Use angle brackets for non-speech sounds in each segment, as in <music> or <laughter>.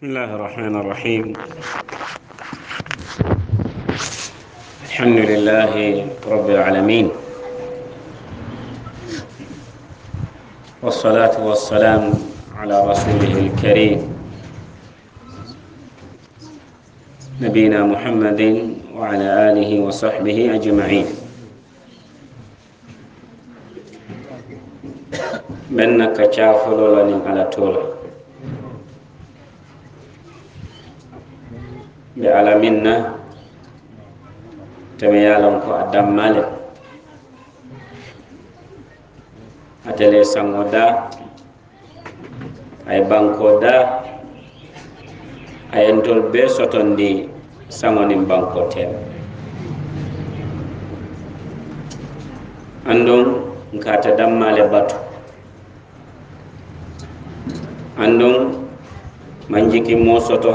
بسم الله الرحمن الرحيم الحمد لله رب العالمين والصلاة والسلام على رسوله الكريم نبينا محمد وعلى آله وصحبه أجمعين بنك شافل ولن على طول ɓe alaminna tomi yalon ko a dammale a tele sango da ay e banko da a yentol be sotondi sangonin banko tel andon nkata dammale batu andon manjiki mo soto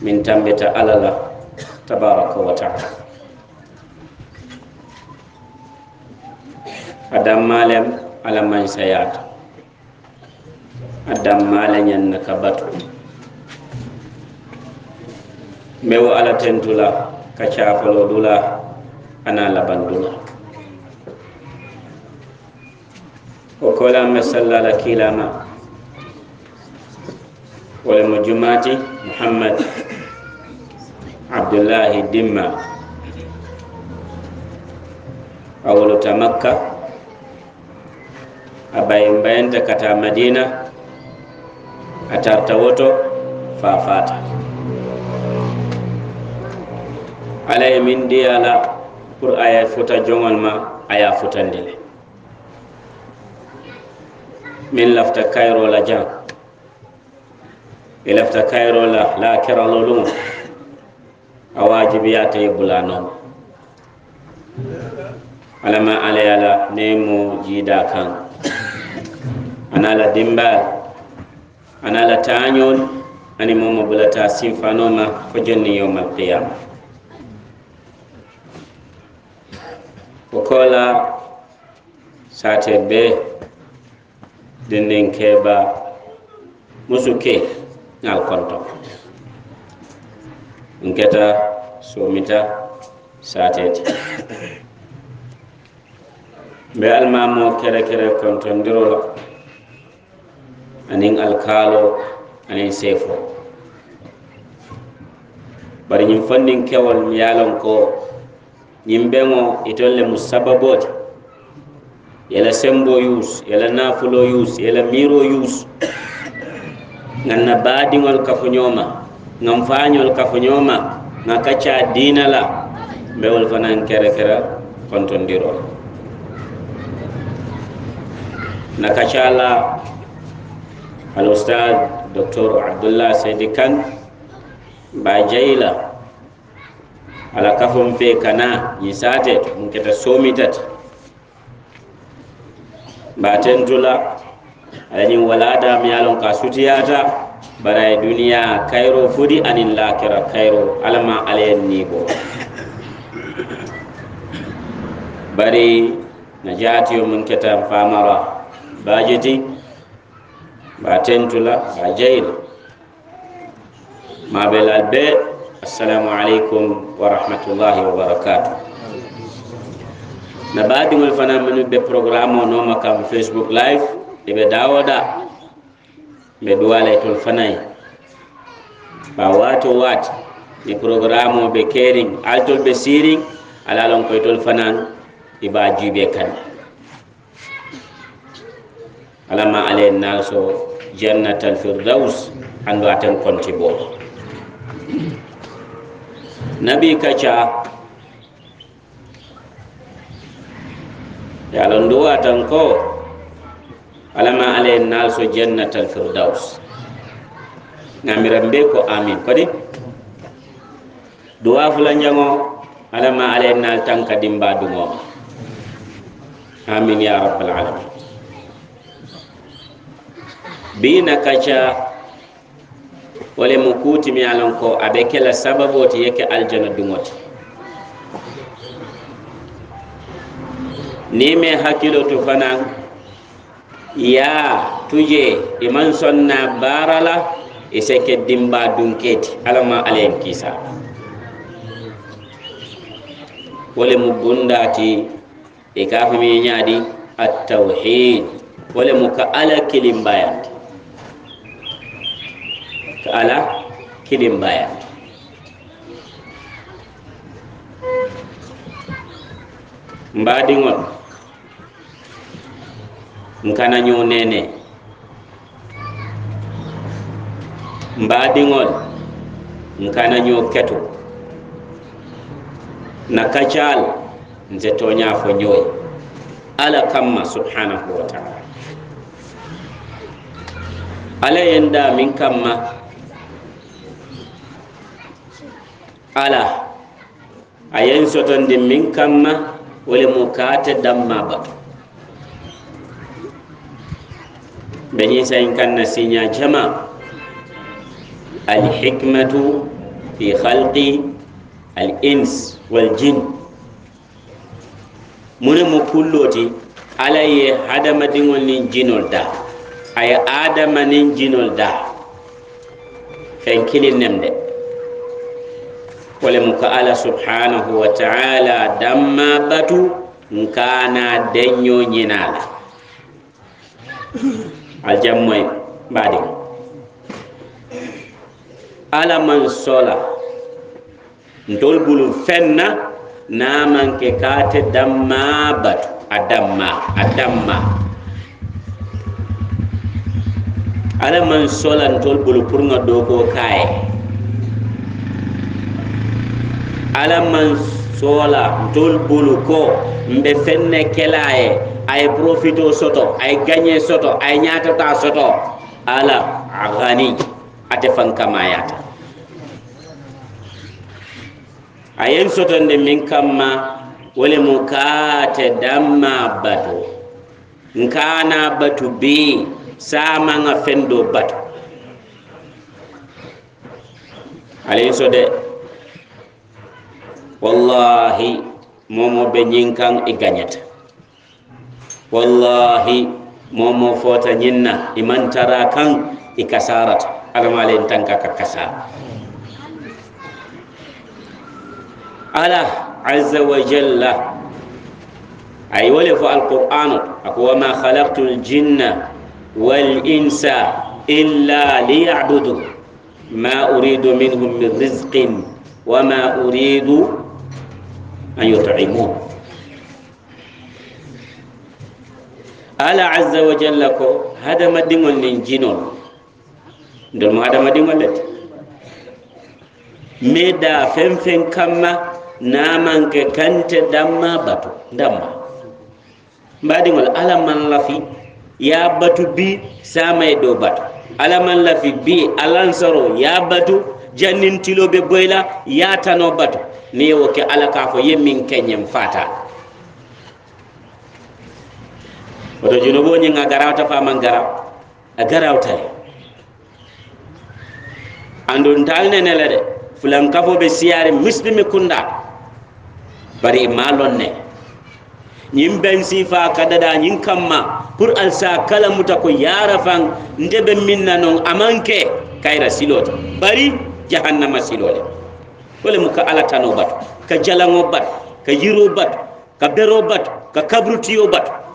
min tambita alala tabaraka wa taala a dammalem ala mansayata a dammale ñanna ka batu mbewo ala tentula ka cafalo dula ana labandula o kolamme sallala kilama wolemo jumati mouhammad abdullahi dimma awoluta makka a ɓay mbayenta kata madina a tarta woto fa fata alaye min ndiyala pour aya futa jongol ma aya futandile min lafta kayrola jan i lafta kayrola la keralolumo a waajibiyaata yobbulaa noon alama alay ala nemo jiidaa kan ana ala dimbaal ana ala taañool ani moma bulataa sinfanooma fo jonni yowma alqiyama ko koola saate be dennden keeɓa musuke ngal konto nketa somita satede mbe almamo kere kere kontondirol anin alkalo anin sefo bari ñin fannin kewol mi yalon ko ñin ɓeŋo itolle mu sababode yala sembo yus yala nafulo yus yala miro yus ganna baadiŋol kafo ñoma ngam fañol kafoñoma ma kacca dinala mbewol fanan kere kera kontondiro na kaccala al ustad docteur abdoullah seydi kan mba jeyla ala kafom fe kana ñisate ɗum keta somitat mba tentula alañin walada mi yalon ka sutiyata baraye duniya kayro fodi anin lakira kayro alama alayen nibo bari na jatiyo mun ketan famara bajeti ba tentula ba jeyla mabelal be assalamu aleykum wa rahmatullahi wa barakatu na badiŋol fana minu be programme o noma kam facebook live eɓe dawoɗa ɓe duwalay toon fanayi ba wato wat ɗi programme o ɓe kerin altol ɓe sirin ala lon koye tol fanan iba juuɓe kane alama alen naso jannatal firdaus andu atan konti bo nabi kacca yalon e duwa tan ko alama ala e naalso jannatal firdaus namiran be ko amin padi duwa fula jango alama ala e naal tan ka dimba dugoma amin ya rabbal alamin bina kaca wole mo kuutimi alon ko aɓe kela sababo ti yeke aljana dugoti ni me hakkilo to fanan yaa tuje e man sonna barala e sekke dimba dunketi alama alayen kisa wole mu bundati e kafamiñaadi attawhid wole mu ka ala kilimbayandi ka ala kilimbayandi mbadiŋol kanañu nene mbaɗiŋol kanañu keto na kacal nde toñafo ñoy ala kamma subhanahu wa taala ala yenda min kamma ala a yen sotondi min kamma wole mo kaate damma bato ɓe ñisayin kanna siña jama alhikmatu fi halqi al ins wal jin mune mo pulloti ala ye hadamadiŋol nin jinol da aye adama nin jinol da fen kili nem de wole mu ka ala subhanahu wa taala damma batu nkana deño ñinala aljam moy badi ala man sola ndol bulu fenna na man ke kate damma bat adamma adamma ala man sola ndol bulu pour nga do ko kay ala man sola ndol bulu ko mbe fenne kelaaye ay profito soto ay gagné soto ay ñatata soto ala gani ate fankamayata ayen sotonde min kamma wole mo kaate damma bato nkana batu be samanga fendo bato alayi so de wallahi momo be ñin kan i gagnata والله مو فوتا نينا إمان ترى كان إكسارت ألم علي انتنكا ككسار ألا عز وجل أي ولف القرآن أقوى ما خلقت الجن والإنس إلا ليعبدوا ما أريد منهم من رزق وما أريد أن يطعموه ala aza wa jalla ko hadamadiŋol nin jinol ndonmo hadamadiŋol lete mi da feŋ feŋ kamma namanke kante damma batu damma mbadiŋol alaman lafi ya batu bi samaye do batu alaman lafi bi alansoro ya batu jannintilo be boyla yatano batu mi wo ke ala ka fo yemmin keñen fatal oto jino bo ñinga garawta faman garaw a garawtay andontal nenele de fulankafo ɓe siyare misdimi kunda bari ma lonne ñin bensi fa kadada ñin kamma pour alsa kala muta ko yara fan nde ɓe minna non amanke kayra silota bari jahannama silole kole mu ka alatano bato ka jalango bato ka yiro bato ka bero bato ka kabrutiyo bato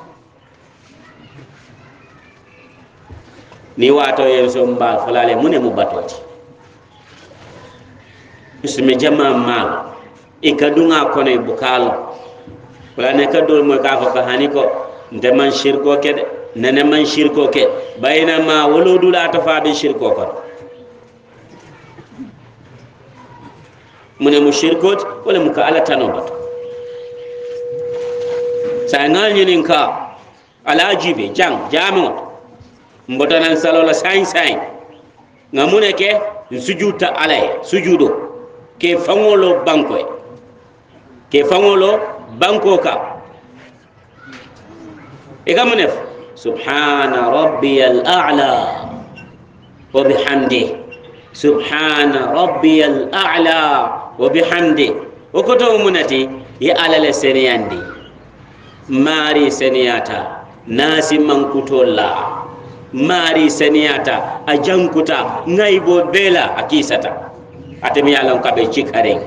ni wato yen so mba falale mune mu batoti bismi jama mal i ka dunga kone bukal wala ne ka dul mo ka fa ka hani ko nde man shirko ke de nene man shirko ke bayna ma wolo dula to fa bi shirko ko mune mu shirko wala mu ka ala tano bato sa ngal nyinin ka alajibe jang jamot mbotanan salola sayi sayi nga mune ke sujuta alaye sujudo ke fangolo bankoye ke fangolo banko ka e ka mune subhana rabbia al ala wa bihamdi subhana rabbia al ala wa bihamdi o koto munati ye alale seneyandi maari seneyata nasi mankutol la maari seniyata a jankuta naybo beela a kiisata atemi yalon kaɓe cikaren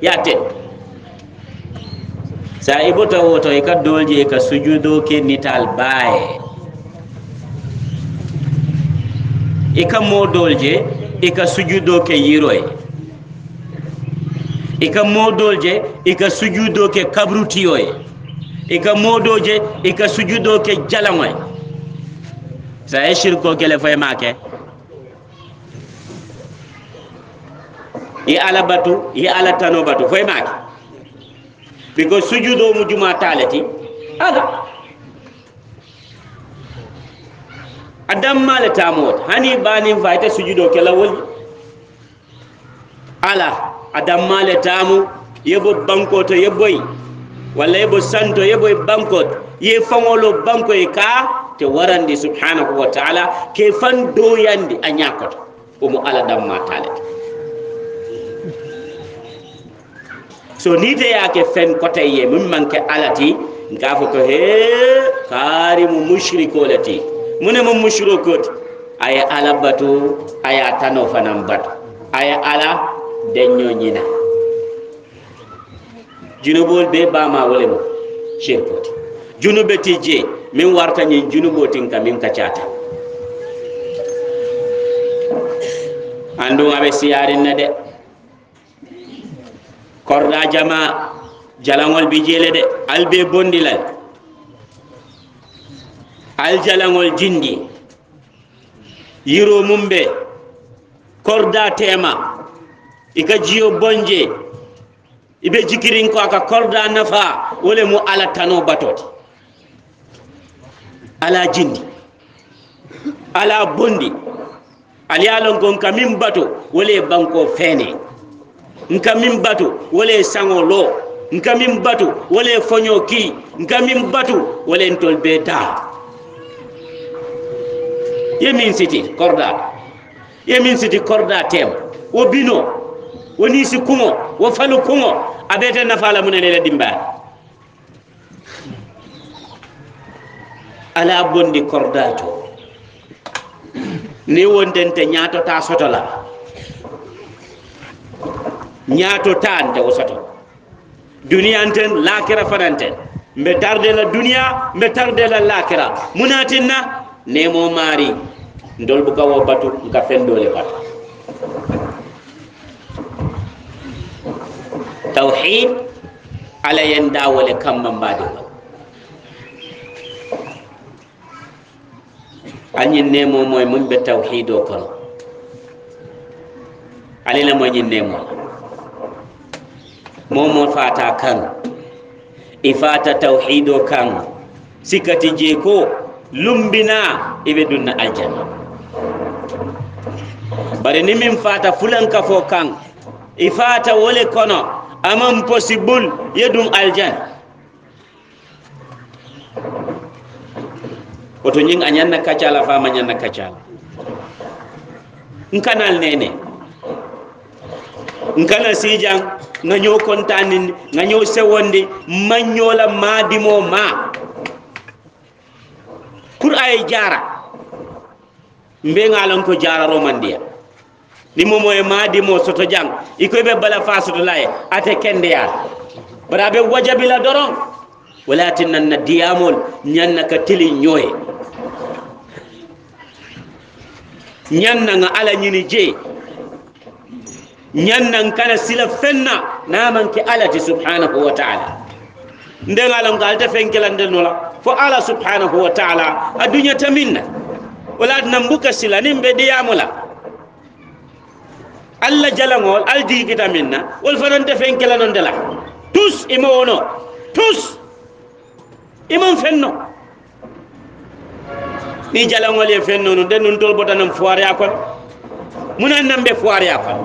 yate sa ibota e woto eka dolje eka sujudoke nital baye eka modolje eka sujudoke yiroye eka modolje eka sujudoke kabrutiyoye eka modoje eka sujudoke jalaoye sa ye sirko kele fo ma ke i ala batu i ala tano batu fo ma ke piko sujudo mu juma taleti aga a dammale tamoot hani banin fayta sujudo ke lawol ala a dammale tamu yebo bankoto yeboy walla yebo santo yeboy bankot ye fangolo banko e ka te warandi subhanahu wa taala ke fan doyandi a ñakoto omo ala damma talete so niteyake fen koteye min manke alati gafo ko he karimo mushrikolati mune mo mushrikoti aya ala batu aya tano fanan batu aya ala denño ñina junobol be bama wolemo cerkoti junuɓeti jeey min wartañin junuboting ka min kacata andum aɓe siyarinna de korɗa jama jalagol bijeele de albe bondilal aljalagol jindi yiro mum ɓe korda tema ika jiyo bonje iɓe jikirin ko aka korda nafa wole mo ala tano batoti ala jindi ala bondi aliyalon ko nka min bato wole banko fene nka min bato wole sango lo nka min bato wole foño ki nka min bato wole ntol be da yemin siti korda yemin siti korda tem wo bino woni si kuŋo wo falu kuŋo abete nafa la munene la dimbaya alaa bondi kordaajo ni wondente ñaatotaa sotola ñaatotaa nde o soto duniya nten laakira fananten mbe tarde la duniya mbe tarde la laakira munaatin na nemo maari ndolbuka wo batu nka fenndoole batu tawhid alayen daawole kamma mbaadewol añin nemo moy muñ ɓe tawhido kono alila mo ñin nemo momo fata kan i fata tawhido kan sikkati jee ko lumbina iɓe ɗunna aljana bare ni min fata fulanka fo kan i fata wole kono aman possible yeɗum aljana oto ñing a ñanna kaccala fama ñanna kaccala n kanal nene n kana sijang nga ñoo contanin nga ñoo sewondi mañola madimo ma pour aye jara mbe ngalan ko jara romandiya ni mo moye madimo soto jang ikoy be bala fa soto laye ate kende ya bara be wajabila doron walati nanna diyamol ñanna ka tili ñoye ñanna ŋa ala ñini je ñannan kana sila fenna namanke ala ti subhanahu wa taala ndeŋ alonko alta fenkelande nola fo ala subhanahu wa taala a duñata min na walati nan buka sila nin be diyamola allah jalaŋol al diigita min na wol fananta fenkelanonde la tous imowono tous imam fenno ɗi jalangol e fenno nu nden nun tolbota nan foire a kon munan nanɓe foire a kon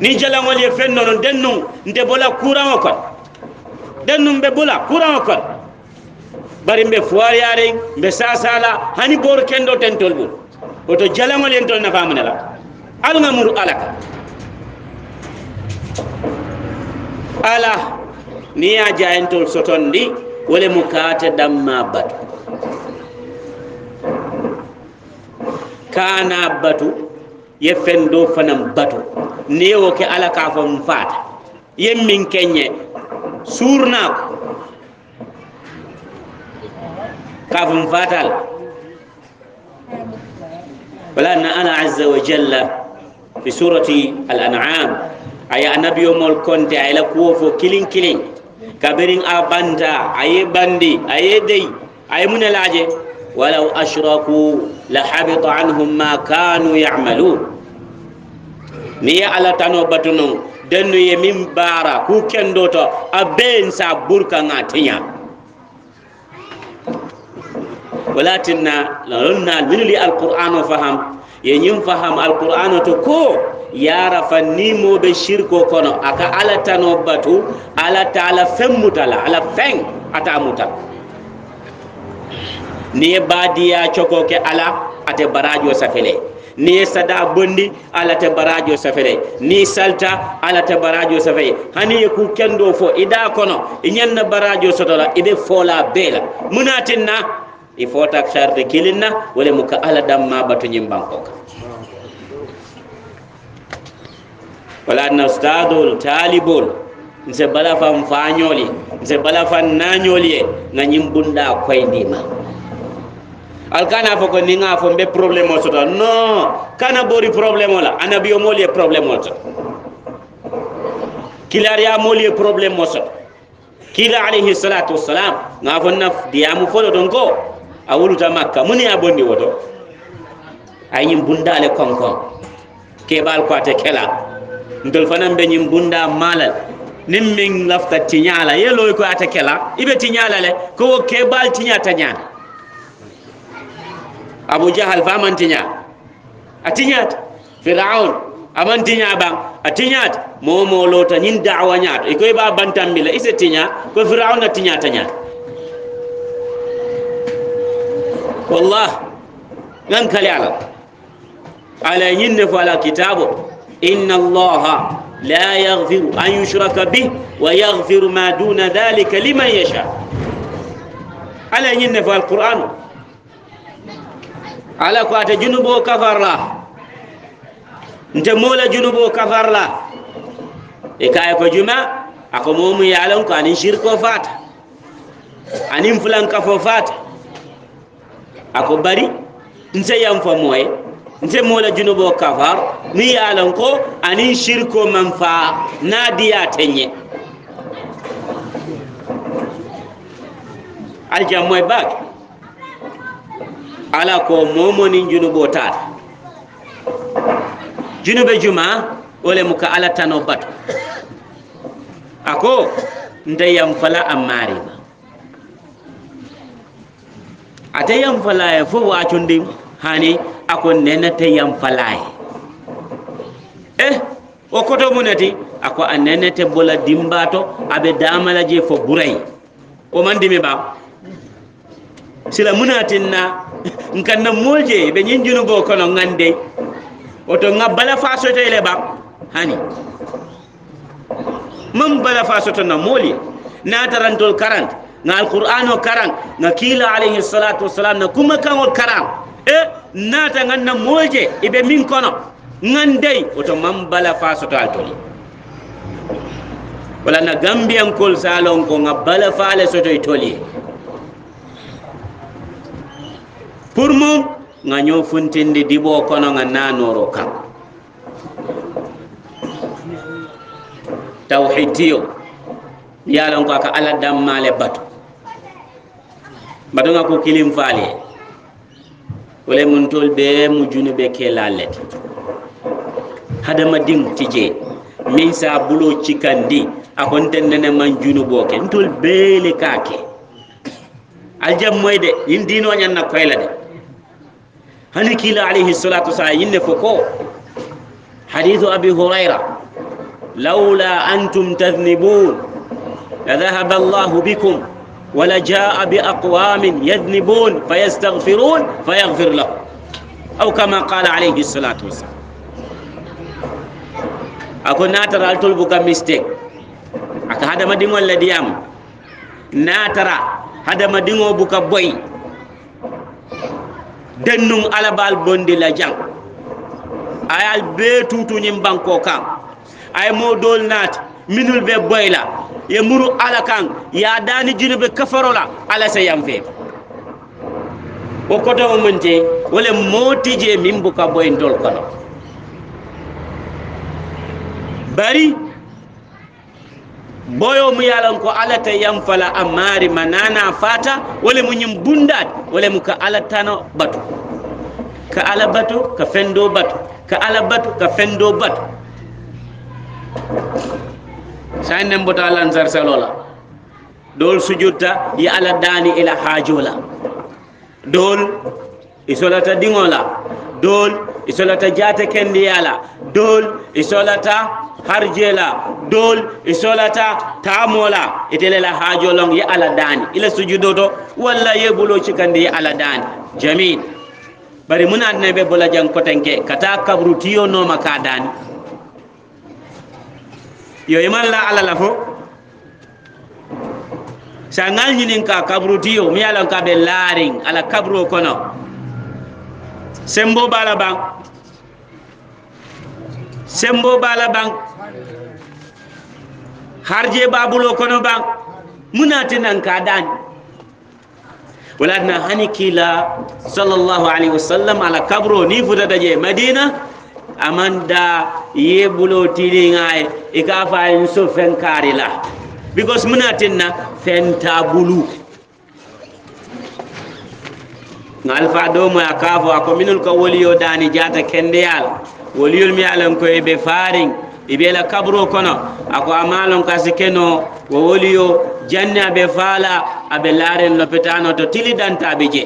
ni jalangol e fenno nu nden nun nde bola courant o kon nden nun ɓe bola courant o kon bari ɓe foire yaren ɓe sasala hani boru kenɗo ten tolɓol oto jalangol en tol nafamunela algamuru alaka ala niya jayentol soton ndi wole mo kaate damma batu kana batu yefen do fanan batu newo ke ala ka fo faata yen min keñe surnako ka fo fatal wala na ala azza wa jalla fi surati al an'am aya anabiyo mol konte ay la kuwo fo kilin kilin kabirin a banta a ye bandi a ye dei a ye mune laje walaw ashraku la habita anhum ma kanu yamalun ni ye alla tano batunon dennu ye min baara ku kendo to a ɓeen sa burka ga tiña walatinna lonna minuli alqur'an o faham yo ñin faham alqur'ana to ko yara fa nimoɓe sirko kono aka alatano batu alata ala femmutala ala feng ata mutal niye badiya cokoke ala ate barajo safele niye sada bondi alate barajo safele ni salta alate barajo safele haniye ku kendo fo ida kono ñanna barajo sotola ibe fola beela munatinna il faut tak charde kilinna wole mu ka ala dam ma bato ñim bankoka wala adna stadol talibol nse bala fan fañoli nse bala fan nañoli ye nga ñim bunda koyndima alkana fo ko ni nga fo mbe probléme o sota non kana bori probléme ola anabio mool ye probléme ol sota kilarya mool ye probléme o sota kila e alayhi salatu wassalam nga fo naf diyamu folo ton ko a wuluta makka muni a bonndi woto a yiñin bunndaale konkon keɓaal ko ate kela ndol fanan ɓe ñin bunnda maalal nin min lafta tiñaala yeloy ko ate kela iɓe tiñaala le ko wo keɓaal tiñata ñaan abou jahal fa man tiña e a tiñaata firaun aman tiña ɓan a tiñaata momo loota ñin dawa ñaato e koyeɓa bantanmbila ise tiña ko firaun a tiñata ñaata والله لن كلام على ينف على كتابه إن الله لا يغفر أن يشرك به ويغفر ما دون ذلك لمن يشاء على ينف القرآن على قوات جنوب كفر الله انت مولا جنوب كفر الله إكاية جمع أقوم يعلم أن شرك فات أن فلان كفر فات ako bari nse yanfa moye nse moola junubo kafar mi yalan ko anin sirko man faa nadiya teñe aljan moye bak ala ko momonin junubo tata junube juma olemu ka ala tano bato ako ndeyam fala a maarima ata yam falaye fo wacundim hani ako nenete yam falaye e o koto munati ako a nenete bola dimbato aɓe damalaje fo ɓuuray o mandimi ɓa sila munatinna <laughs> kanna molje ɓe ñinjunu bo kono gande oto ga bala fa sotoyle ɓa hani mam bala fa soto na mooli natarantol 40 no alqur'an o karan no kiila alayhi salatu wasalam no kuma kangol karan e eh, naata ganna molje eɓe min kono ngandey oto mambala fa soto altoli wala no gambiyankol salon ko ga bala faale sotoye toli pour mum ga ñofuntinde diɓo kono ga nanoro kan tawhid tiyo yalon ko aka ala dammale bato mbaɗonga ko kilim faali e wole mun tol ɓe mu juni ɓe ke lalleti hadama din tije min sabulo cikandi a kontendene man junu booke ntol beele kaake aljammoy de yin diinoñanna koyla de hani kiila alayhi salatu wasalam yinne fo ko hadithu abi hurayra laula antum tadnibun ladahaba allahu bikum wala jaa bi aqwamin yadnibun fa yastagfirun fa yagfir lahum aw kama qala alayhi salatu wasalam ako natara al tolbuka mistake aka hadama dingol la diyam natara hadama dingo buka boy dennum alabal bondi la jang ayal be tutu nyim banko kam ay mo dol nat minul be boy la ye muru ala kan ya dani junube kafarola ala sa yam fee o kotomo mon te wole mootije min buka boyen dol kono bari boyo mu yalan ko ala ta yam fala amari ma nana fata wole mu ñim bundat wole mu ka ala tano batu ka ala batu ka fendo batu ka ala batu ka fendo batu sa nembota lansarsalola dool sujudta yi ala daani ila haajola dool i solata diŋola dool i solata jaate kendiyala dool i solata harjela dool i solata taamola itelela haajoloŋ yi ala daani ila sujudoto walla yebulo cikandi yi ala daani jamin bari munaatinaɓe bola jaŋ kotenke kata kabru tiyo nooma ka daani yo imalla e ala la fo sa ngalñinin ka kabru tiyo mi yalan ka ɓe laarin ala kabru kono sembo bala ban sembo bala ban harje babulo kono ban munati nan ka dani wala dina hani kila sallallahu alayhi wa sallam ala kabro ni futata je madina amanda yebulo tiliŋay i ka fay nso fenkari la because muna tinna fenta bulu ŋalfa domoya kafo a ko minul ko woliyo dani jata kendeyal woliyol mi alan koye be farin ibela e kabro kono ako amalon kasi keno wo woliyo janni abe fala abe laren lopitano to tili dantaɓe je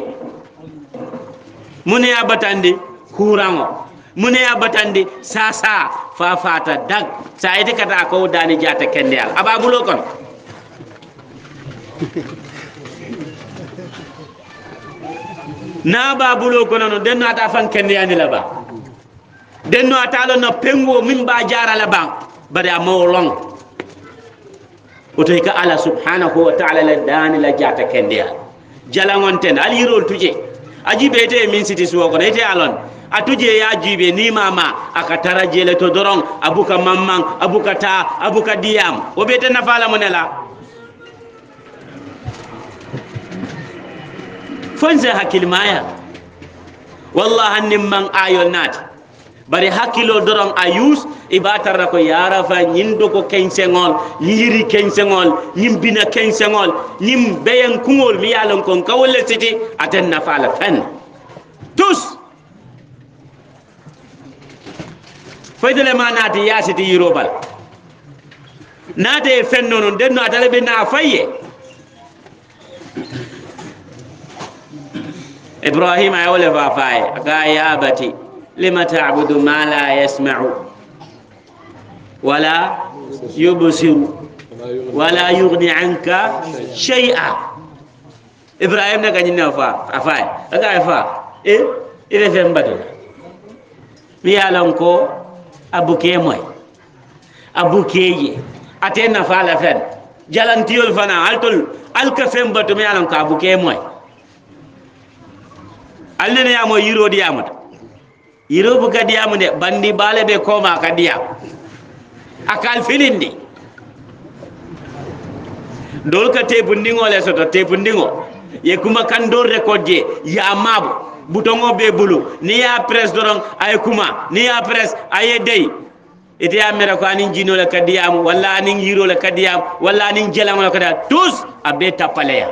muna yabatandi kuraŋo mune a batandi sasa fafata dag sa ite kata ko dani jata kendeyal a babulo kon na babulo konono denno ata fan kendeyani laba denno atalo no pengo min ba jara laba bade a mawolong otoy ka ala subhanahu wa taala la dani la jata kendeyal jalangonten al yirol tuje aji be ite min siti suwo kono ite alon a tujee yaajiiɓe niimama aka tara jeele to doron a buka mamman a buka ta a buka diyam o ɓeyte nafaala mo nela fonse hakkillemaya walla hannin man aayol naati bari hakkilo doron a yus i ba tarra ko yarafa ñin dogo kenseŋol yiri kenseŋol ñin bina kenseŋol ñin beyen kuŋol mi yalon kon kawolle siti aten nafaala fen tous faydele ma naati yaasiti yiro bal naate fenno noon den no atale ɓe naa fayye ibrahima ay wole fa faye aka yabati lima tabudu ma la yasmau wala yubsiru wala yugni anka shay'a ibrahim ne kañinne fa a faye aka fa e irefen batol mi yalon ko abuke moy abukeje ate nafala fen jalantiyol fana altol alka fen batum yalan ko abuke moy allene yamo yiro di yamata yiro bu kadi yamude bandi bale be koma kadi ya akal filindi dol ka tebu ndingo leso to tebu ndingo ye kuma kan dor record je ya mabo butongo be bulu ni ya press doron ay kuma ni ya press ay dey ite ya mera ko anin jino le kadiyam walla anin hiro le kadiyam walla anin jelam le kadiyam tous abe tapaleya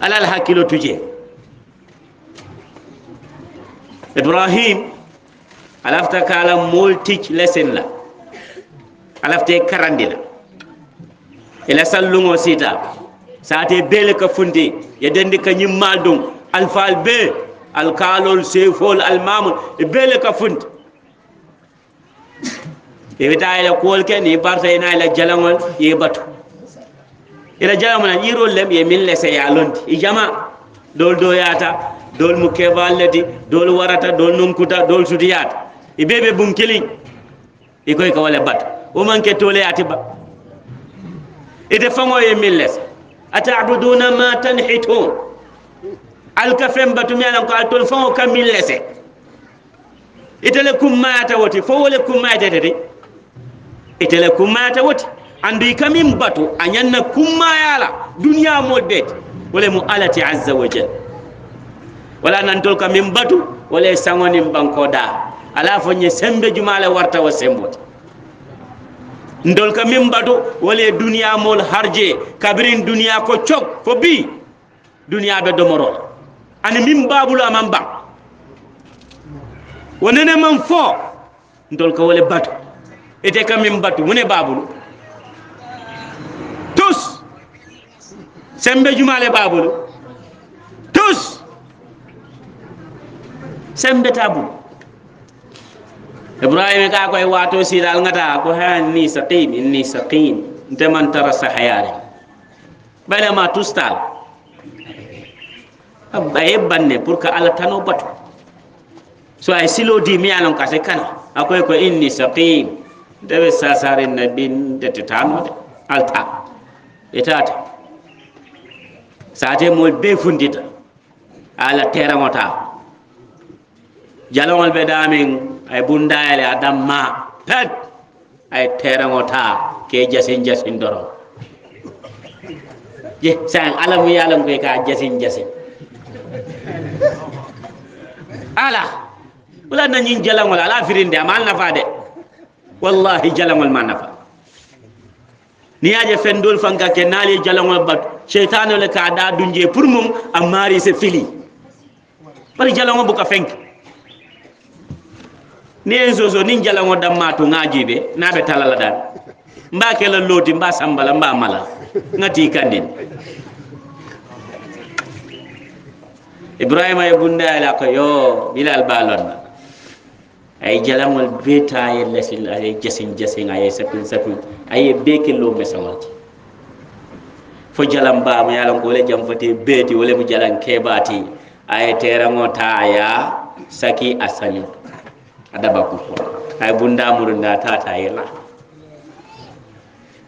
alal hakilo tuje ibrahim alafta kala multi lesson la alafte karandila ila e sallungo sita saate beele ka funde ye dendi ka ñimmal dum alfaal be alkaalol seefool almamol e beele ka funde ewita ela kuol ken i e barta ina e ela jalagol ye batu ila e jalagol an irol lem ye min lese ya londi i jama dool do yaata dool mu kebal leti dool warata dool nonkuta dool sudi yaata i bee ɓe bum kiliñ i koy ka wala batu womanke toole yaati ba ite fangoye min lese ataabuduna ma tanhitun alka fen batumi alan ko altol fan o kammin lese itele kummayata woti fo wole kummayatete de itele kummayata woti andi kamin batu a ñanna kummayala duniya mol ɓeete wole mo alati azza wa jal wala nantol kamin batu wole sangonin bankoda ala fo ñe sembe jumale warta wo semboti ndolka min mbado wale duniya mol harje kabirin duniya ko cog fo bi duniya beddomorola ani min babulu aman ba wonene man fo ndolka wale bato ete ka min batu wone babulu tous sembe jumale babulu tous sembe tabulu ibrahima ka koye wato sidal gata ko ha ni sakim inni sakim ndeman tara sahayare ɓelema tustal a yebbanne pour que allah tano batu so ay silo di miyalon kase kana a koye ko inni sakim ndewe sasare nabi ndete tanode alta etata sate mol be fundita allah teramota jalogol ɓe damin ay bundayele a damma pet ay terego ta ke jasin jasin doro je san alamu yalam koy ka jasin jasin ala wala nañin jalagol ala firinde amal nafa de wallahi jalagol ma nafa niyaje fendol fanka ke naali jalagol bat cheytanole ka da dunje pour mum a maari se fili bari jalagol buka fenke ni en soso nin jalango dan mato ngaji be na be talala dan mba kala lodi mba sambala mba mala ngati kandin ibrahima e bunda ala ko yo bilal balon ay jalangol beta ye lesin ay jasin jasin ay sapin sapin ay beke lo mesama fo jalam ba ma yalan gole jam fati beti wala mu jalan kebati ay terango taya saki asanyut adaba ko qur'an hay bunda muru na tata yela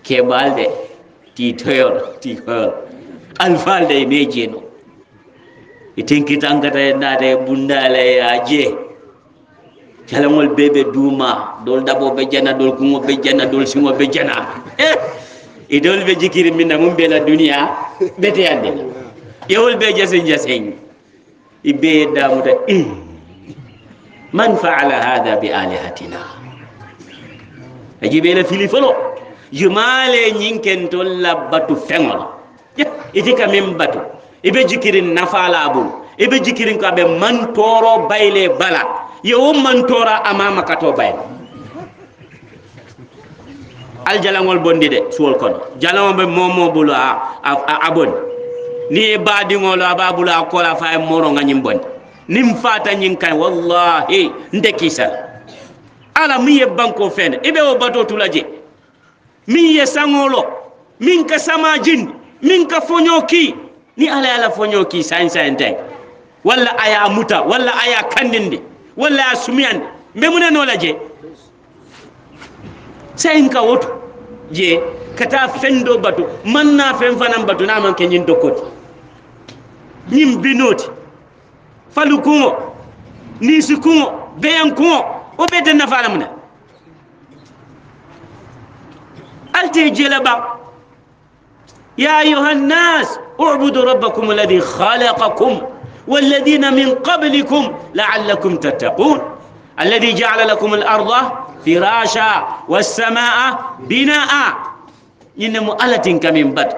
ke balde ti toyol ti hol al falde be jeno e, e tenki tangata e nade bunda la e ya je kala mol bebe duma dol dabo be jana dol ko mo be jana dol si mo be jana <laughs> eh! e dol be jikiri minna mum be la dunya be te yande yewol be jase jase ibe e damuta eh! man faala hada bi alihatina a jiɓeno fili folo yumale ñinken ton labbatu feŋolo iti ka min batu ibe jikirin nafala bulu ibe jikirin ko aɓe mantoro bayle bala yewo mantora amama kato bayle aljalagol bondi de suwol kono jalao ɓe momo bulu a aboni ni badiŋolo aba bulu a kola fa e moro gañin bondi nin fata ñin kan wallahi nte kisal ala min ye banko fene i ɓe wo bato tula je min ye sangolo min ka samajin min ka foño ki ni ala ala foño ki sansan tay walla aya muta walla aya kandinde walla aya sumiyande mbe mune nola je sain ka woto je kata fendo bato manna fen fanan bato namanke ñin dokkoti ñin binoti فلوكو نيسكو بينكو kuŋo beyan منا wo bee يا أيها الناس اعبدوا ربكم الذي خلقكم والذين من قبلكم لعلكم تتقون الذي جعل لكم الأرض فراشا والسماء بناء إنما ألتين كمين بد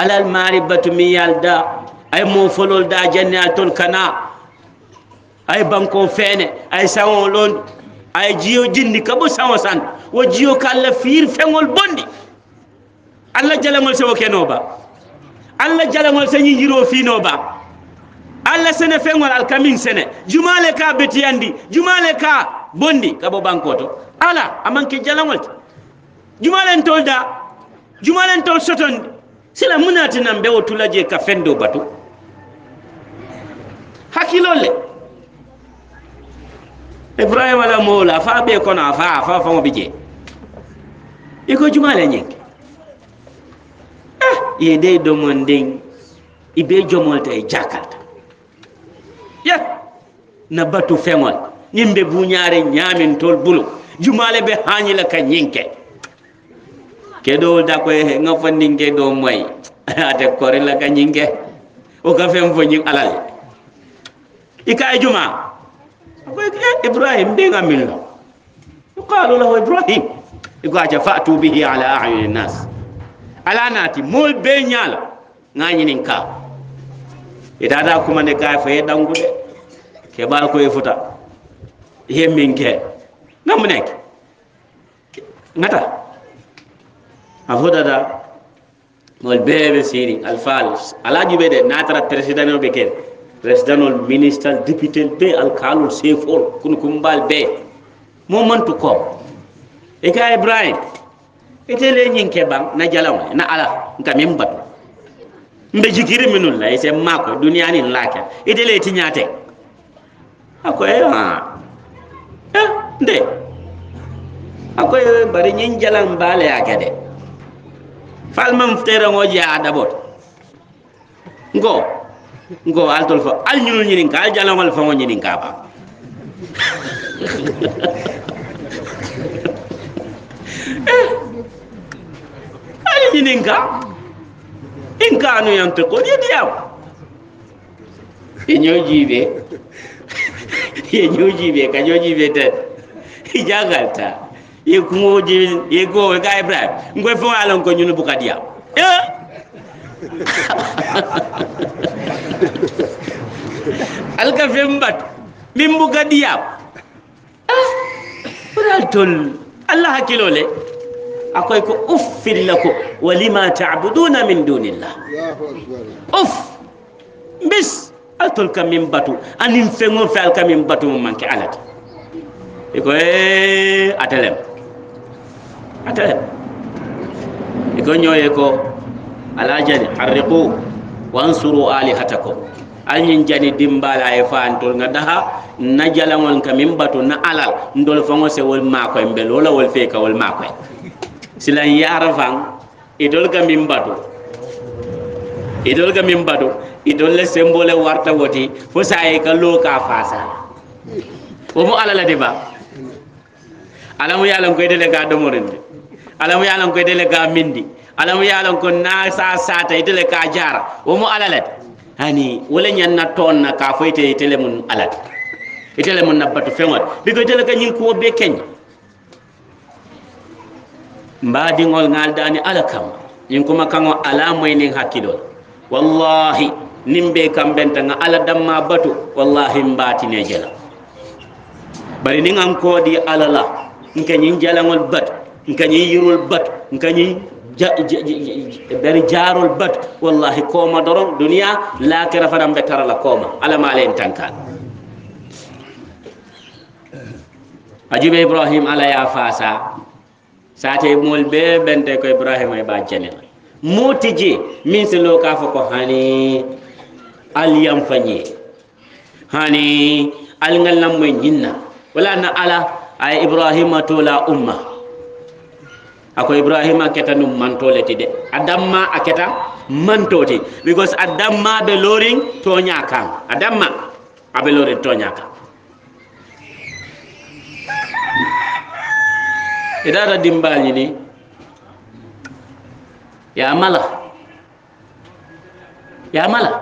على المعرفة ميال دا أي موفلول دا جنة الكنا ay banko feene ay sawo ɗon ay jiyo jinni kabo sawo san wo jiyo ka allah fiir feŋol bonɗi allah jalagol sewo keno ba allah jalagol se ñiñiro fino ba allah sene feŋol alkamin sene jumale ka betiyandi jumale ka bonɗi kabo banko to ala a manke jalagol te jumalen tol da jumalen tol sotondi sila munatinan ɓe o tulaje ka fendo batu hakkilol le ibrahima la mowla fa ɓee kono a fa fa fa oɓe jee iko jumale ñeŋke ah yede domon ndeŋ ibe jomolta e jakalta ya na batu feŋol yimɓe buñaare ñamintol bulu jumale ɓe hañila ka ñiŋke keɗowol da koy ŋafandinke ɗo moy <laughs> ate korila ka ñiŋke o ka feŋ foñiŋ alal i kaye jumaa ibrahim ndega milla yuqalu lahu ibrahim igaja fatu bihi ala ayuni nnas ala naati mool be ñaala ŋañinin ka e dada kumane kaye fo ye ɗangude keɓal koye futa ye min ke ŋamu neke ŋata a fo dada mool beɓe siri alfal ala juɓe de natara présidentoɓe kene présidentol ministal député be alkalol sefol kono kumbal be mo mantu kom e ga ibrahim etele ñing keɓan na jalawa na ala gamin batu mbe jikiri minul la ise e mako duniya ni laka itele e tiñate ako e, e nde ako bari ñin jalan mbale yake de falmam terengoji a dabot ngo ngo altol fo al ñinol ñininka al jalongol fango ñininka ba eh, al ñininka in kanu yante kod yedi yaw e ñoo jiibe <laughs> ye ñoo jiibe ka ñoo jiibe te <laughs> jagalta ye kumo ji ye go ga ibrahim ngoy fo alon ko ñunu bu kadiya eh? <laughs> <laughs> alka fem mbatu min mbuga ɗiyam ɓoral ah, toll allah hakkilo le a koy ko uffilla ko walima tabuduna min dunillah uf bis altol kam min batu anin fego fe alka min batu mo manke alata i ko e eh, atelem atelem i ko ñoye ko ala jani arriqu wansuru alihata ko añin jani dimbala e fantol ga daha na jalagol ka min batu na alal ndol fango sewol makoye bel wola wol fekawol makoye silan yara fan idol ga min batu idol ga min batu idol le sembole warta woti fo saye ka loka fasala womo alala deba alamu yalankoy dele ga domorinde alamu yalankoy dele ga mindi alamu yaalon ko na sa sata itele ka jara womo alalat ani wala nyanna tonna ka foyte itele mun alat itele mun nabatu fengot biko itele ka nyin ko be kenya mbadi ngol ngal dani alakam nyin ko makango alamu ni hakido wallahi nimbe kam benta nga ala damma batu wallahi mbati ne jela bari ni ngam ko di alala nkanyin jela ngol batu nkanyin yirul batu nkanyin ɓere jarol bat wallahi kooma doron duniya lakira fanan ɓe tarala kooma alamaalen tankal a juɓe ibrahim ala ya faasa sate mool ɓe ɓente ko ibrahima e ɓa janel mutiji min si loka fo ko hani aliyam fañe hani alngal nammoe ñinna wala na ala ay ibrahima tola umma ako ibrahima keta num mantoleti de a damma a keta mantoti because a damma ɓe lorin toñakan a damma aɓe lorin toñakan edata dimbañi ni ya mala ya mala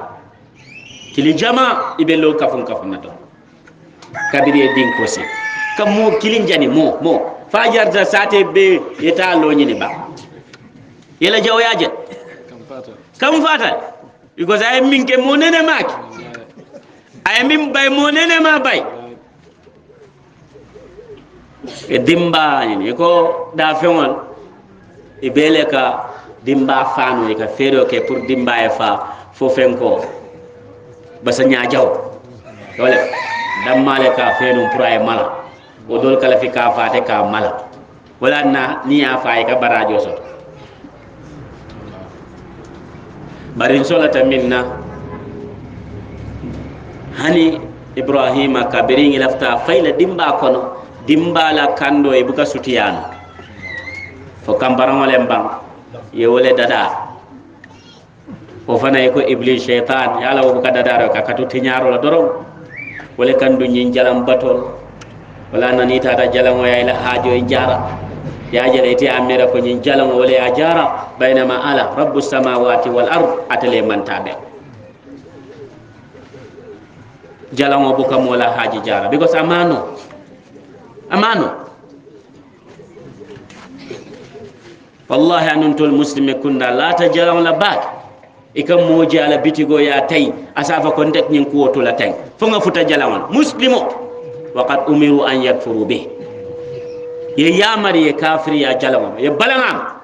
kili jama iɓe lo kafun kafunata kabiri e dinkosi kam mo kilin jani mo mo fajarta sate be yeta loñini ba yela jawya je kam fatal because ay min ke mo nene mak ay min bay mo nene ma bay e dimba ni e ko da fewon e bele ka dimba faano e ka fere ke pour dimba e fa fo fenko basa nya jaw wala damale ka fenum pour ay mala wo dool kala fi kaa faate kaa mala wala na niya faayi ka baraajo soto barin solata min na hani ibrahima kabiriŋi lafta fayla dimba kono dimbala kando e buka sutiyano fo kambaroŋolen baŋ ye wole dadar o fanaye ko iblis cheitan ye ala wo buka dadaro ka katu tiñarola doroŋ wole kandu ñin jalan batol wala nani tata jalango yayla haajo e jara yajala ite amira ko ñin jalango wala ya jara baynama ala rabu samawati wal ard atale mantaɓe jalango bokam wala haaji jara because amano amano wallahi anun tol muslime kunna laata jalangla baake i kam mojiala bitigo ya tay asafa ko ndet ñin kuwotula tay fo ga futa jalangol muslime o waqad umiru an yakfuru bih ye yamari ye kafriya jalawama ye balaŋam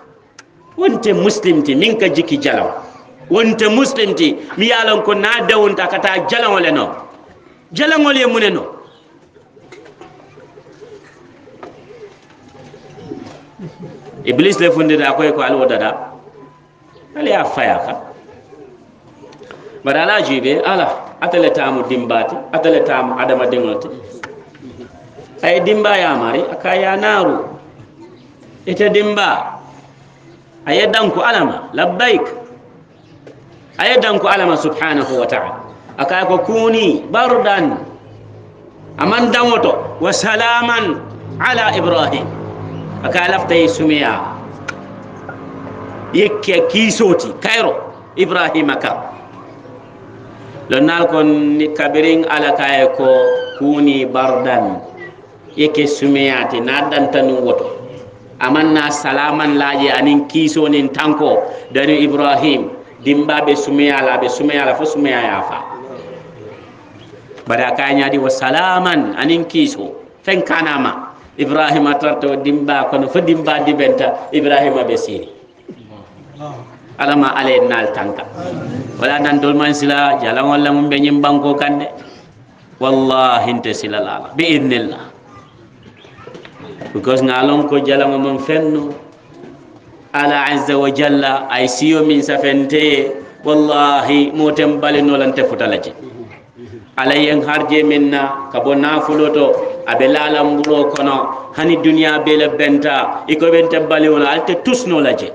wonte muslim ti min ka jiki jalawa wonte muslim ti mi yalon ko na dawunta kata jalaŋo le no jalaŋol ye mune no iblis le fundida koye ko e alwo dada ala ya faya ka bari ala jibe ala atale tamu dimbati atale tamu adama diŋol ti ay dimba yamari aka ya naru ita dimba aya danko alama labbaik aya danko alama subhanahu wa ta'ala aka ko kuni bardan aman damoto wa salaman ala ibrahim aka laftay sumiya yekke kisoti cairo ibrahim aka lonnal kon ni kabirin alaka ko kuni bardan yake sumeyate na dantanun woto amanna salaman laje anin kiso nin tanko dani ibrahim dimba be sumeya la be sumeya la fo sumeya ya fa bada kanya di wa salaman anin kiso fen kanama ibrahim atarto dimba kono fo dimba dibenta ibrahim be siri alama ale nal tanka wala nan dolman sila jalan wala mun be nyimbanko kande wallahi inte sila la bi idnillah because ngaalon ko jalamo mon fenno ala asa wa jalla ay siyo min safenteye wallahi moten balinolante futalaje alayyen harje min na ka bo nafulo to aɓe laalamɓuɗo kono hani duniya bele benta iko ɓente baliwono alte tusnolaje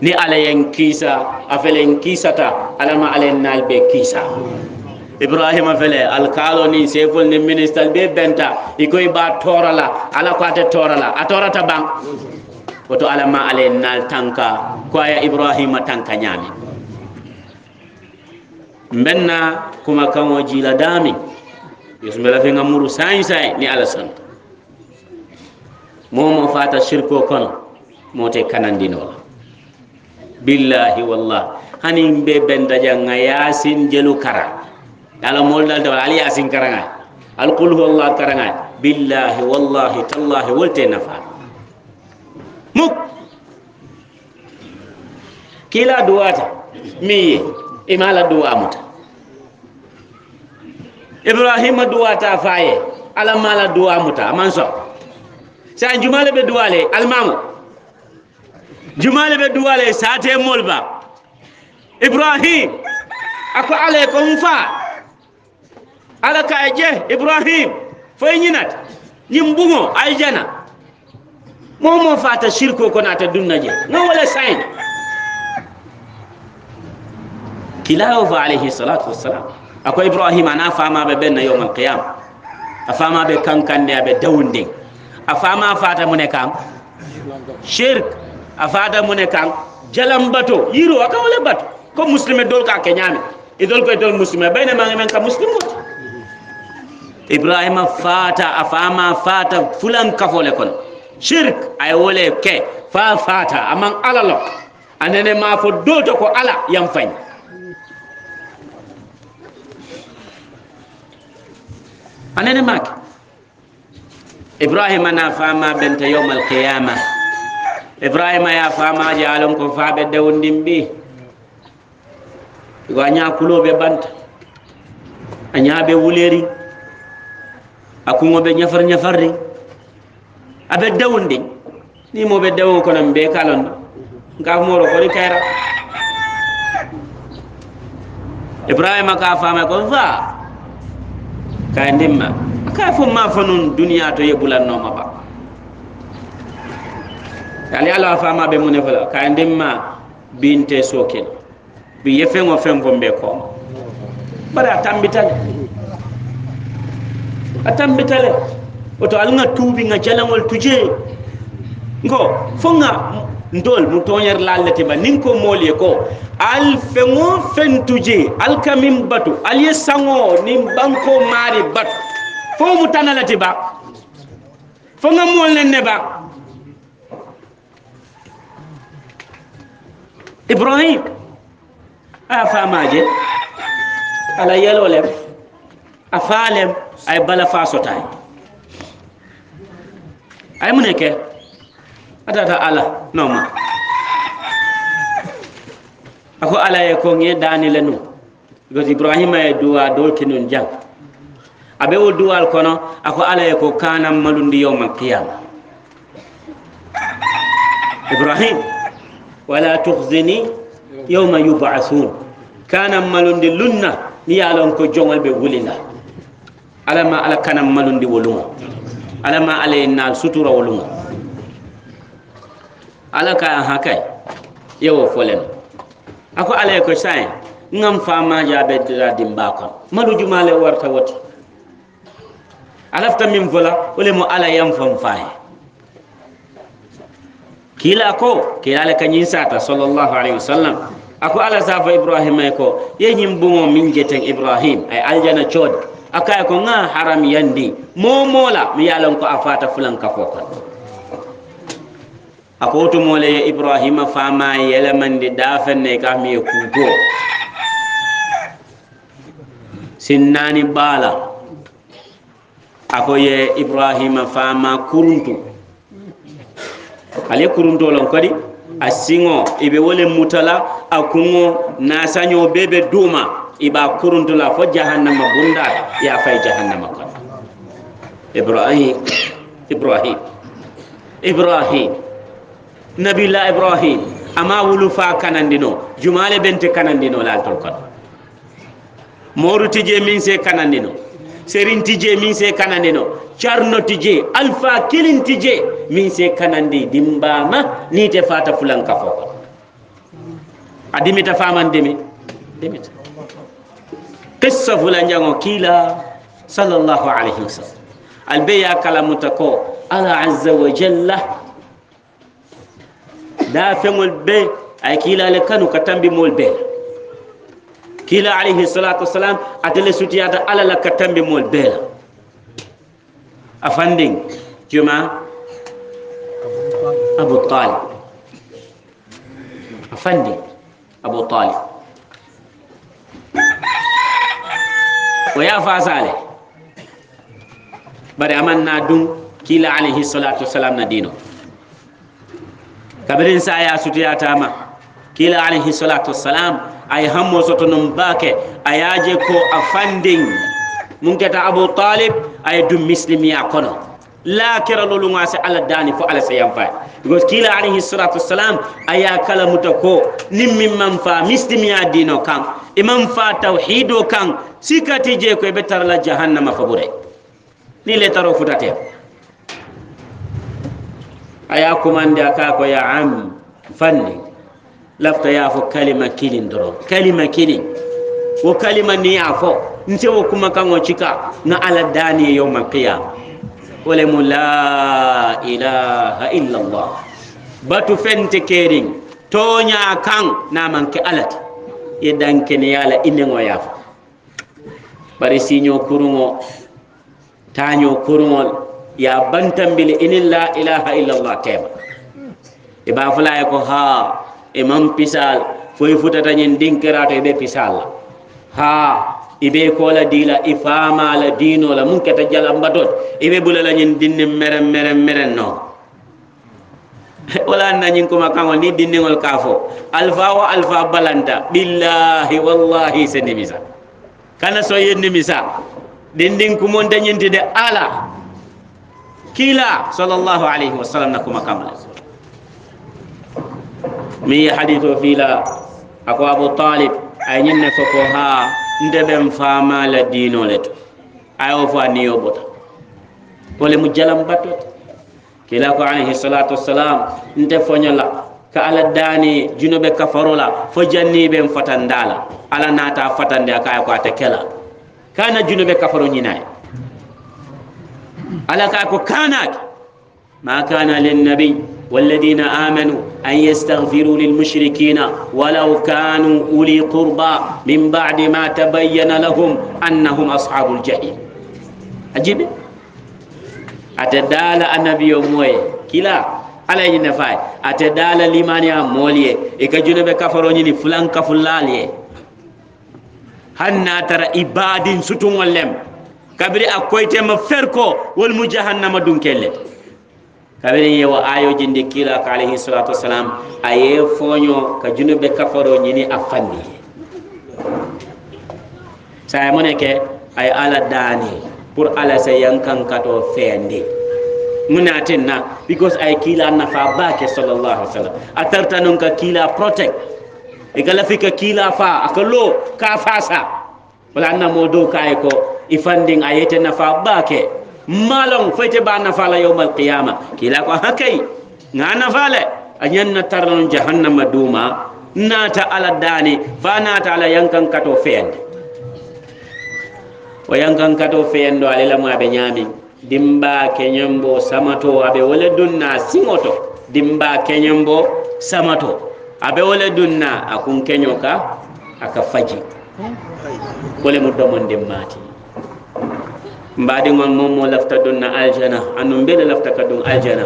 ni alayen kiisa afelen kiisata alama alen naal ɓe kiisa ibrahima fele alkaalo ni seful ni ministre ɓe benta ikoye ɓa torala ala ko ate torala a torata ban woto alama ala nal tanka koya ibrahima tanka ñaami benna kuma kanwo jiila dami yosumbelafinga muru sayi sayi ni ala sant momo fata sirko kono mote kanandinola billahi wallah hani ɓe benda jangga yasin jelu karal ala mool dal dawal ala yasin karangaay al qul hu allah karangaay billahi wallahi tallahi wolte nafa mukk kiila duwata miŋ ye ima la duwamuta ibrahima duwata fa ye ala ma la duwamuta a maŋ so san jumale be duwale almamu jumale be duwale sate mool ba ibrahim a ko ala ko n faa alaka e jeeh ibrahima fay ñinat ñim mbugo aljana momo fata sirko ko naata dunna je no wala sayne kilaofa alayhi salatu wassalam ako ibrahima ana famaɓe ɓenna yowma alqiyama a famaɓe kankande aɓe dawunden a fama fata mune kam shirk a fata mune kam jalam bato yiro aka wala bato ko muslime dolka ke ñaami idol koye dol muslime ɓayne mage men ka muslime goti ibrahima faata a faama faata fulankafole kono sirk aye wole ke fa faata aman ala lok anene ma fo doto ko ala yam fañ anene make ibrahima na faama bente yowmal qiyama ibrahima ya faamaji alon ko faaɓe dewndin ɓi ko a ñaa kuloɓe banta a ñaaɓe wuleri akuŋoɓe ñafar ñafarde aɓe dawunde nimoɓe dawo konon ɓe kalon gaf moro koni kayra ibrahima ka famay kon va kay ndimma kay fo ma fanun duniya to yebulannoma ba ali alaa famaɓe mune fola kay ndimma binte sokel bi yefeŋo fen fo ɓe kooma bara tambitane atam bitale oto alnga tuubi nga jalangol tuje ngo fonga ndol mu toñer lallete ba nin ko mooli ko al fengo fen tuje al kamim batu al ye nim nin banko mari batu fo mu tanalate ba fo nga mool nen ne ba ibrahim a famaje ala yelolem a faalem ay bala faa sotaay ay mu nekke adata ala noma a ko ala ye koŋ ye daani le nu because ibrahima ye duwa dool ke nun jaŋ a be wo duwal kono a ko ala ye ko kaanam malundi yowma qiyama ibrahim wala tuhzini yowma yubaasun kaanam malundi lunna ni ye lon ko joŋol be wulila alama ala kanam malundi wolugo alama alaye nal sutura wolugo ala ka aha kay yewo folen ako alaye ko sa ngam famaja ɓeddira dimba kon malu jumale warta woti alafta min vola wole mo ala yam fam faye kila ko kilale kañin sata sallllahu alayhi wa sallam ako ala safo ibrahima e ko yeñin bumo min jeten ibrahim ay aljana cooda a kaye ko ga haram yandi momola mi yalon ko a fata fulan kafo kan a kotumole ye ibrahima fama yelemandi dafenne ka miye kuto sinnani bala ako ye ibrahima fama kuruntu ale kuruntolon kadi a singo ibe wole mutala a kungo nasaño bebe duma iɓa korundula fo jahannama bunda ya fay jahannama kon ibrahim <coughs> ibrahim ibrahim nabillah ibrahim ama wulu fa kanandino jumale bente kanandino laltol kon morutije min se kanandino serintije min se kanandino carnotije alpha kilintije min se kanandi dimbama nite fata fulanka fo kon a dimita famandimi dimita قصة فلان جانو كيلا صلى الله عليه وسلم البيع كلام تكو الله عز وجل دا فم البي اي كيلا لكانو كتم بمول بيع كيلا عليه الصلاة والسلام أتلى سوتي هذا على لكتم بمول بي أفندين كما أبو طالب أفندين أبو طالب o y'a fɔ a sale bari a man na dun kila alayhi salatu wasalam na dino kabirin sa ya sutuya tama kila alayhi salatu wasalam ay hammo soto non bake ayaje ko a fandin mun keta abu talib ay dum muslimiya kono la kira lolu ngase ala dani fo ala sayam fa because kila alayhi salatu wassalam aya kala muta ko nimmi man fa muslimiya dino kam imam e fa tawhido kan sikati je ko e be tarla jahannama fabure ni le taro futate aya kumande aka ko ya am fanni lafta ya fo kalima kilin doro kalima kilin wo kalima ni a fo nse wo kuma kango cika na ala dani yowma qiyama wole mu la ilaha illa llah batu fente kerin toña kan na manke alati yeddankene yaala innego yaafa bari siño kuruŋo taño kuruŋol ya bantambile inin la ilaha illallah keema e baafulaye ko ha e man pisal foye futatañin ndinkirato e ɓe pisal la ha iɓe e kola diila i e faamala diinola mun keta jalambatot iɓe e ɓulalañin dinni meren meren meren noo <laughs> wala nañin kuma kaŋol ni dinniŋol ka fo alfa wo alfa balanta billahi wallahi se nimisa kana so ye nimisa dinndin kumondañintide ala kila sal llahu alayhi wa sallam na kuma kaŋola mi ye hadito fila ako abu talib a ye ñinne fo ko ha ndeɓen faama la diino le to a ye wo fo a niyo bota wole mu jalam battota kila ko alayhi salatu wassalam nte foñola ka ala daani junobe kafarola fo janniɓen fatandala ala naata fatande a kaya ko ate kela kana junobe kafaro ñinaye ala kaya ko kanake ma kana linnabi والذين آمنوا أن يستغفروا للمشركين ولو كانوا أولي قربى من بعد ما تبين لهم أنهم أصحاب الجحيم أجيب ate dala annabio moye kila ala ye ñinne faye ate dala limaniya mooli ye i e ka juno be kafaroñini fulan kafullal ye hanna tara ibadin sutuŋol lem kabiri a koytema fer ko wolmu jahannama dunkelle kabiri ye wo ayo jindi kila ko alayhisalatu wasalam a ye foño ka juno be kafaro ñini a fanni ye saye mone ke aye ala daani pour ala sa yankan kato fende munatin na because ay kila nafa ba ke sallallahu alaihi wasallam atarta non ka kila protect e kala fika kila fa akalo ka fasa wala na modo kay ko ifanding ayete nafa ba ke malon fete ba nafa la yawmal qiyama kila ko hakai na nafa le anyanna tarnon jahannama duma nata ala dani fa nata ala yankan kato fende o yankan kato feyendo ale lamu aɓe ñaamin dimba keñembo samato aɓe wole dunna siŋoto dimba keñembo samato aɓe wole dunna a kun keño ka aka faji wole mu domondin maati mbaɗigon moom mo lafta dunna aljana anu mbele lafta ka ɗum aljana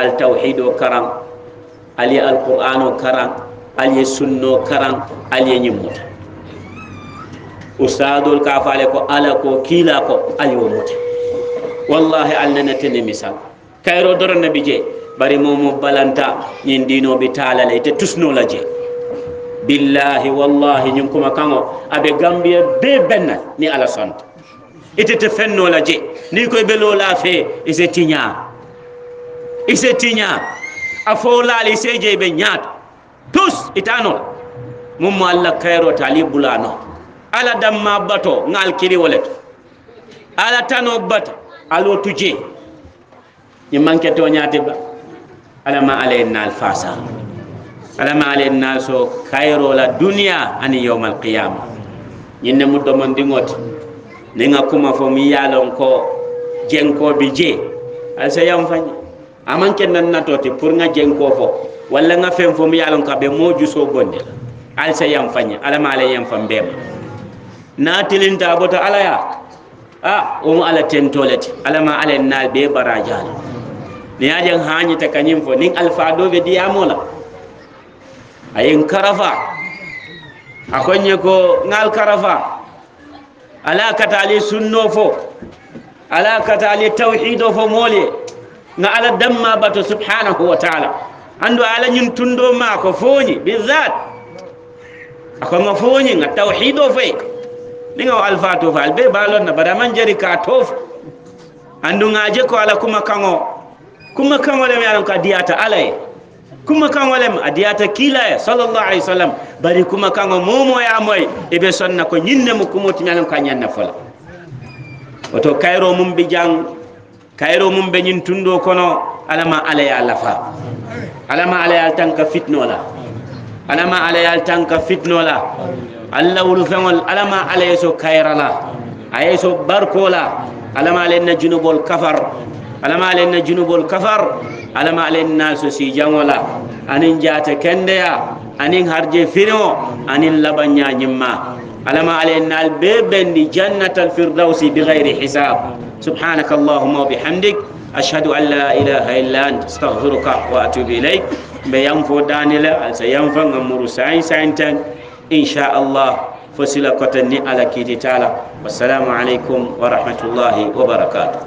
al tawhid o karan aliye alqur'an o karan aliye sunno karan aliye ñimmota ustadol kafale ko ala ko kiila ko ayomute wallahi alnana tene misal kayro doro nabi je bari momo balanta ñin ɗinoɓe talale te tusnola je billahi wallahi ñin kuma kan o aɓe gambiya be bennal ni ala sonta itete fennola je ni koye ɓe lola fe ise tiña ise tiña a folali se jeyi ɓe ñaato tus itanola mummo allah kayrota ali bulanoo ala damma bato ngal kiri wolet ala tano bato alo tuje ni manke to nyaati ba ala ma ale nal fasa ala ma ale nal so kairo la dunya ani yawmal qiyam ni ne mudo man dingoti ni nga kuma fo mi yalon ko jenko bi je ala se yam fanyi amanke nan natoti pour nga jenko fo wala nga fem fo mi yalon ka be moju so gonde ala se yam fanyi ala ma ale yam fambe ma natilinta goto alaya a omo ala tentolete alama ala en naal ɓe barajaalo mi yajen hañita kañin fo nin alfado ɓe diyamola ayin karafa a koñe ko ngal karafa ala katali sunno fo ala katali tawhido fo moole nga ala damma bato subhanahu wa taala andu ala ñin tundo ma ko foñi bizat akoma foñi nga tawhido foye ninga o alfato fa albe balonna bara man jari ka tof andungaje ko ala kuma kango kuma kango lem yaron ka diyata alay kuma kango lem a diyata kilaye sallallahu wa sallam bari kuma kango momo ya moy ibe sonna ko nyinne mu kumoti nyalam ka nyanna fola oto kayro mum bi jang kayro mum be nyin tundo kono alama alaya lafa alama alaya tanka fitnola alama alaya tanka fitnola alla wulu feŋol alla ma alla ye so kayira la a ye so barko la alla ma alen na junubol kafar alla ma alen na junubol kafar alla ma alen na so sijaŋo la aniŋ jaate kendeya aniŋ harje firiŋo aniŋ laban ñañimma alla ma alen naal bee bendi jannatal firdausi bigayri hisab subhanaka allahuma wa bihamdik أشهد أن لا إله إلا أنت أستغفرك وأتوب إليك بيام فودانيلا ألسيام فنغمور ساين ساين تن ان شاء الله فصل كتني على كيتي تعالى والسلام عليكم ورحمه الله وبركاته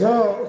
نعم